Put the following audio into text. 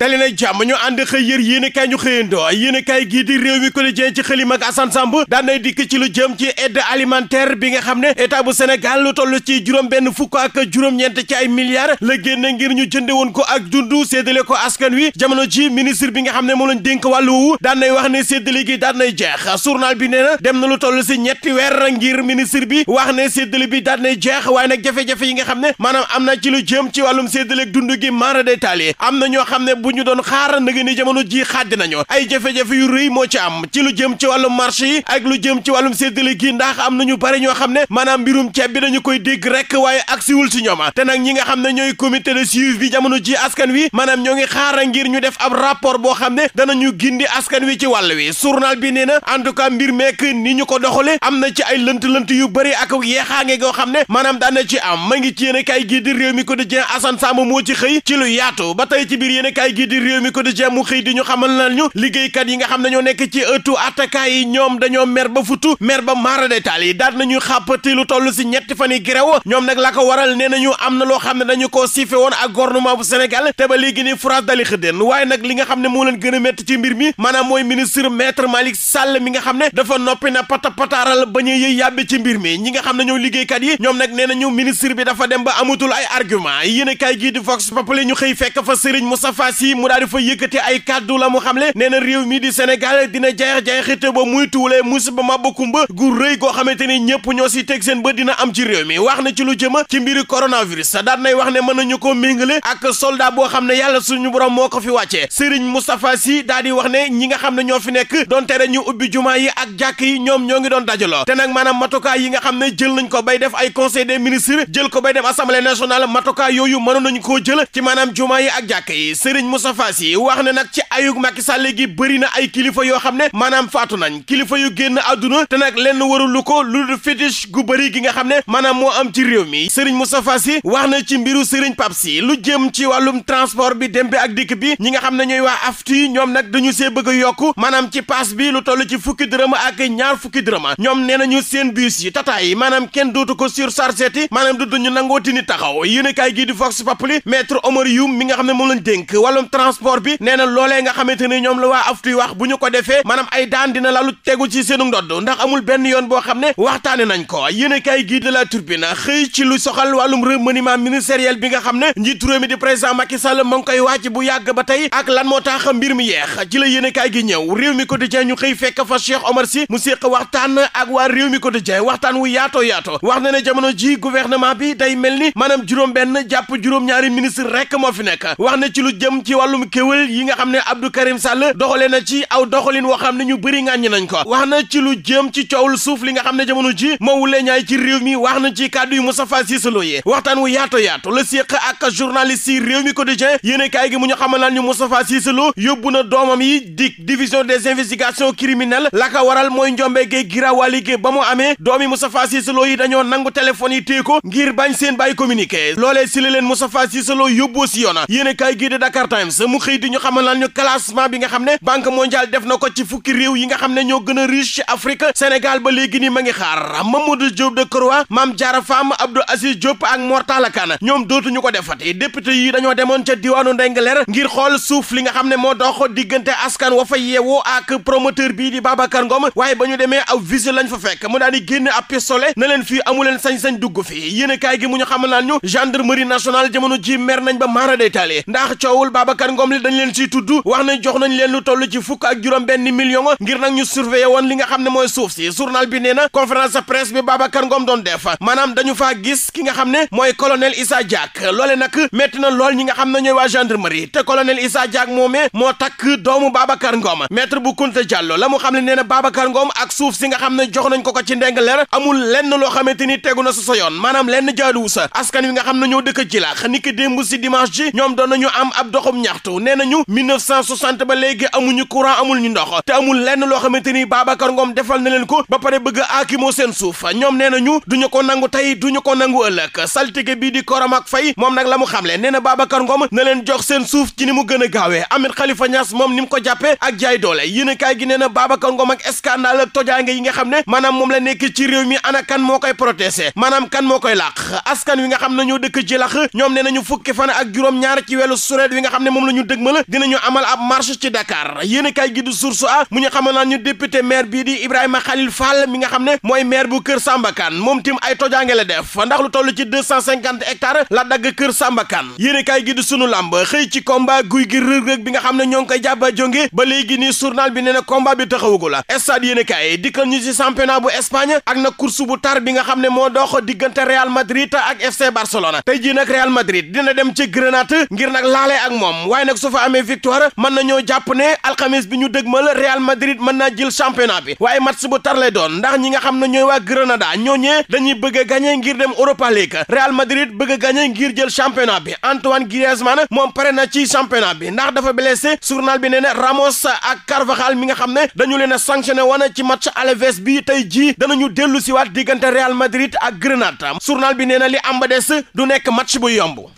dali na jàmm ñu ànd xëy yër yéen i kaay ñu xëyandoo yéen i kaay gii di réew mi quotidien ci xëlim ak Assane Samb daan nay dikk ci lu jëm ci aide alimentaire bi nga xam ne état bu Sénégal lu toll ci juróom benn fukk ak juróom-ñeent ci ay milliards la génn ngir ñu jënd woon ko ak dund séddale ko askan wi jamono ci ministre bi nga xam ne moom lañ dénk wàllu wu daan nay wax ne séddale gi daan nay jeex journal bi nee na dem na lu toll si ñetti weer ngir ministre bi wax ne séddale bi daan nay jeex waaye nag jafe yi nga xam ne maanaam na ci lu jëm ci wàllum séddale dund gi maara am na ñoo xam ne bu ñu doon xaar na nga ni jamono ji xàddi nañu ay jafe-jafe yu rëy moo ci am ci lu jëm ci wàllum marché yi ak lu jëm ci wàllum séddale gii ndax am nañu bari ñoo xam ne maanaam mbirum ceeb bi dañu koy dégg rek waaye ak agsiwul ci ñoom te nag ñi nga xam ne ñooy comité na suivi bi jamono ji askan wi maanaam ñoo ngi xaar ngir ñu def am rapport boo xam ne danañu gindi askan wi ci wàll wi journal bi nee na en tout cas mbir mekk ni ñu ko doxale am na ci ay lënt-lënt yu bëri ak yeexaange goo xam ne maanaam daan ci am ma ngi ci yéen kaay gii di réew mi quotidien Assane Samb moo ci xëy ci lu yaatu ba tey ci biir yéen kaay di réew mi quotidien mu xëy di ñu xamal na liggéeykat yi nga xam ne ñoo nekk ci ëttu attaquant yi ñoom dañoo mer ba futu mer ba maara detaal yi daal nañuy xàppati lu toll si ñetti fan yi grève ñoom nag la ko waral nee nañu am na loo xam ne dañu ko siife woon ak gouvernement bu Sénégal te ba léegi ni France dali xëddéen waaye nag li nga xam ne moo leen gën a métti ci mbir mi maanaam mooy ministre maître Malick Sall mi nga xam ne dafa noppi na pata ba ñu yëy yàbbi ci mbir mi ñi nga xam ne ñoo liggéeykat yi ñoom nag nee nañu ministre bi dafa dem ba amatul ay argument yéen a di Vox ñu xëy fekk fa Serigne Moustapha si mu daal di fa yëkkati ay kàddu la mu xamle nee na réew mi di Sénégal dina jeex-jeexite ba muy tuulee musiba ma bakumba gu rëy goo xamante ni ñëpp ñoo si teg seen bët dina am ci réew mi wax na ci lu jëm ci mbiri coronavirus daan nay wax ne mën nañu ko méngale ak soldat boo xam ne yàlla suñu borom moo ko fi wàccee Serigne Moustapha Sy daal di wax ne ñi nga xam ne ñoo fi nekk doon tere ñu ubbi jumaa yi ak jàkk yi ñoom ñoo ngi doon dajaloo te nag maanaam matukaay yi nga xam ne jël nañ ko bay def ay conseil des jël ko bay dem assemblée nationale matukaay yooyu mënoon nañu koo jël ci maanaam jumaa yi ak jàkk yi Serigne Moustapha Sy wax na nag ci ayug Macky Sall gi bëri na ay kilifa yoo xam ne maanaam faatu nañ kilifa yu génn àdduna te nag lenn warul lu ko lu fétiche gu bëri gi nga xam ne maanaam moo am ci réew mi Serigne Moustapha Sy wax na ci mbiru Serigne Pape Sy lu jëm ci wàllum transport bi dem bi ak dikk bi ñi nga xam ne ñooy waa AFTU ñoom nag dañu see bëgg a yokk maanaam ci paas bi lu toll ci fukki dërëm ak ñaar fukki dërëm ñoom nee nañu seen bus yi tata yi maanaam kenn dootu ko surchargé maanaam dootuñu nangooti ni taxaw yéen a kaay gii di Vox Populi maître Omar Youm mi nga xam ne moom lañ dénk wàllum transport bi nee na loolee nga xamante ni ñoom la waa aftuy wax bu ñu ko defee maanaam ay daan dina lalu tegu ci seenu ndodd ndax amul benn yoon boo xam ne waxtaane nañ ko yéen a kaay gii de la na xëy ci lu soxal wàllum remaniement ministériel bi nga xam ne njiitu réew mi di président Macky Sall ma ngi koy wàcc bu yàgg ba tey ak lan moo tax mbir mi yeex ci la yéen gi ñëw réew mi quotidien ñu xëy fekk fa Cheikh Omar Sy mu séq waxtaan ak waa réew mi quotidien waxtaan wu yaatoo yaatoo wax na ne jamono ji gouvernement bi day mel ni maanaam juróom benn jàpp juróom-ñaari ministre rek moo fi nekk wax na ci lu jëm ci ci wàllum kéwél yi nga xam ne Abdou Karim Sall doxale na ci aw doxalin woo xam ne ñu bëri ŋàññi nañ ko wax na ci lu jëm ci coowul suuf li nga xam ne jamono ji moo wulee ñaay ci réew mi wax na ci kàddu yu Moustapha Cissé Lo yi waxtaan wu yaato yaatu la séq ak journaliste yi réew mi quotidien yéene kaay gi mu ñu xamal naan ñu Moustapha Cissé Lo yóbbu na doomam yi dik division des investigations criminelles la waral mooy njombeegee girawaaligée ba mu amee doomi Moustapha Cissé Lo yi dañoo nangu téléphone yi téye ko ngir bañ seen bàyyi communiqué loolee si la leen Moustapha Cissé Lo yóbboo si yoona yéene Times mu xëy di ñu xamal lan ñu bi nga xam ne banque def na ko ci fukki réew yi nga xam ne ñoo gën a riche ci Afrique Sénégal ba léegi nii ma ngi xaar Mamadou Diop Decroix Mame Diarra Fam Abdou Aziz Diop ak Mor Talla Kane ñoom dootuñu ko defati député yi dañoo demoon ca diwaanu Ndengler ngir xool suuf li nga xam ne moo dox diggante askan wa fa yeewoo ak promoteur bii di Babacar Ngom waaye ba ñu demee aw visite lañ fa fekk mu daal di génn ab pistolet na leen fii amu leen sañ-sañ dugg fii yéen a kaay gi mu ñu xamal lan ñu gendarmerie nationale jamono ji mer nañ ba maara day taali ndax coowul Babacar Ngom li dañ leen ciy tudd wax jox nañ leen lu toll ci fukk ak juróom benn million ngir nag ñu surveiller woon li nga xam ne mooy suuf si journal bi nee na conférence de presse bi Babacar Ngom doon nga xam ne mooy colonel Issa Diack loole nag métti na lool ñi nga xam ne ñooy waa gendarmerie te colonel Issa Diack moomee moo takk doomu Babacar Ngom maître bu Kunta Diallo la mu xam ne nee na Babacar Ngom ak suuf si xam ne jox nañ ko ko ci ndengaleer amul lenn loo xamante ni tegu na sa sa yoon maanaam lenn jaaduwu sa askan wi nga xam ne ñoo dëkk ci laax niki démb si dimanche ji ñoom doon nañu am ab dox doxum ñaxtu nee nañu 1960 ba léegi amuñu courant amul ñu ndox te amul lenn loo xamante baaba Babacar Ngom defal na leen ko ba pare bëgg aakimoo seen suuf ñoom nee nañu duñu ko nangu tey duñu ko nangu ëllëg saltige bii di Koromak Faye moom nag la mu xamle nee na Babacar Ngom na jox seen suuf ci ni mu gën a gaawee Ahmed moom ni mu ko jàppee ak jaay doole yéen kaay gi nee na Babacar Ngom ak scandale ak tojaange yi nga xam ne maanaam moom la nekk ci réew mi koy protesté maanaam kan moo koy làq askan wi nga xam ne ñoo dëkk ci lax ñoom nee nañu fukki fan ak juróom ñaar nga xam ne moom la ñu dëgmal dinañu amal ab marche ci Dakar yéen a kaay gi du source a mu ñu xamal naa ñu député maire bii di Ibrahima Khalil Fall mi nga xam ne mooy maire bu Kër Sambakan moom tim ay tojaange la def ndax lu toll ci deux cent cinquante hectares la dagg Kër Sambakan yéen a kaay gi du sunu làmb xëy ci combat guy gi rëg-rëg bi nga xam ne ñoo ngi koy jàpp jonge ba léegi nii journal bi nee na combat bi taxawagu la stade yéen a kaay dikkal ñu ci championnat bu Espagne ak na course bu tar bi nga xam ne moo dox diggante Real Madrid ak FC Barcelona tey jii nag Real Madrid dina dem ci Grenade ngir nag laale ak moom waaye nag su fa amee victoire mën nañoo jàpp ne alxamis bi ñu dëgmal Real Madrid mën naa jël championnat bi waaye match bu tar lay doon ndax ñi nga xam ne ñooy waa Granada ñooñee dañuy bëgg a gagné ngir dem Europa League Real Madrid bëgg a gagné ngir jël championnat bi Antoine Griezmann moom pare na ci championnat bi ndax dafa blessé journal bi nee na Ramos ak Carvajal mi nga xam ne dañu leen a sanctionné woon ci match Alaves bi tey jii danañu dellu siwaat diggante Real Madrid ak Granada journal bi nee na li am ba des nekk match bu yomb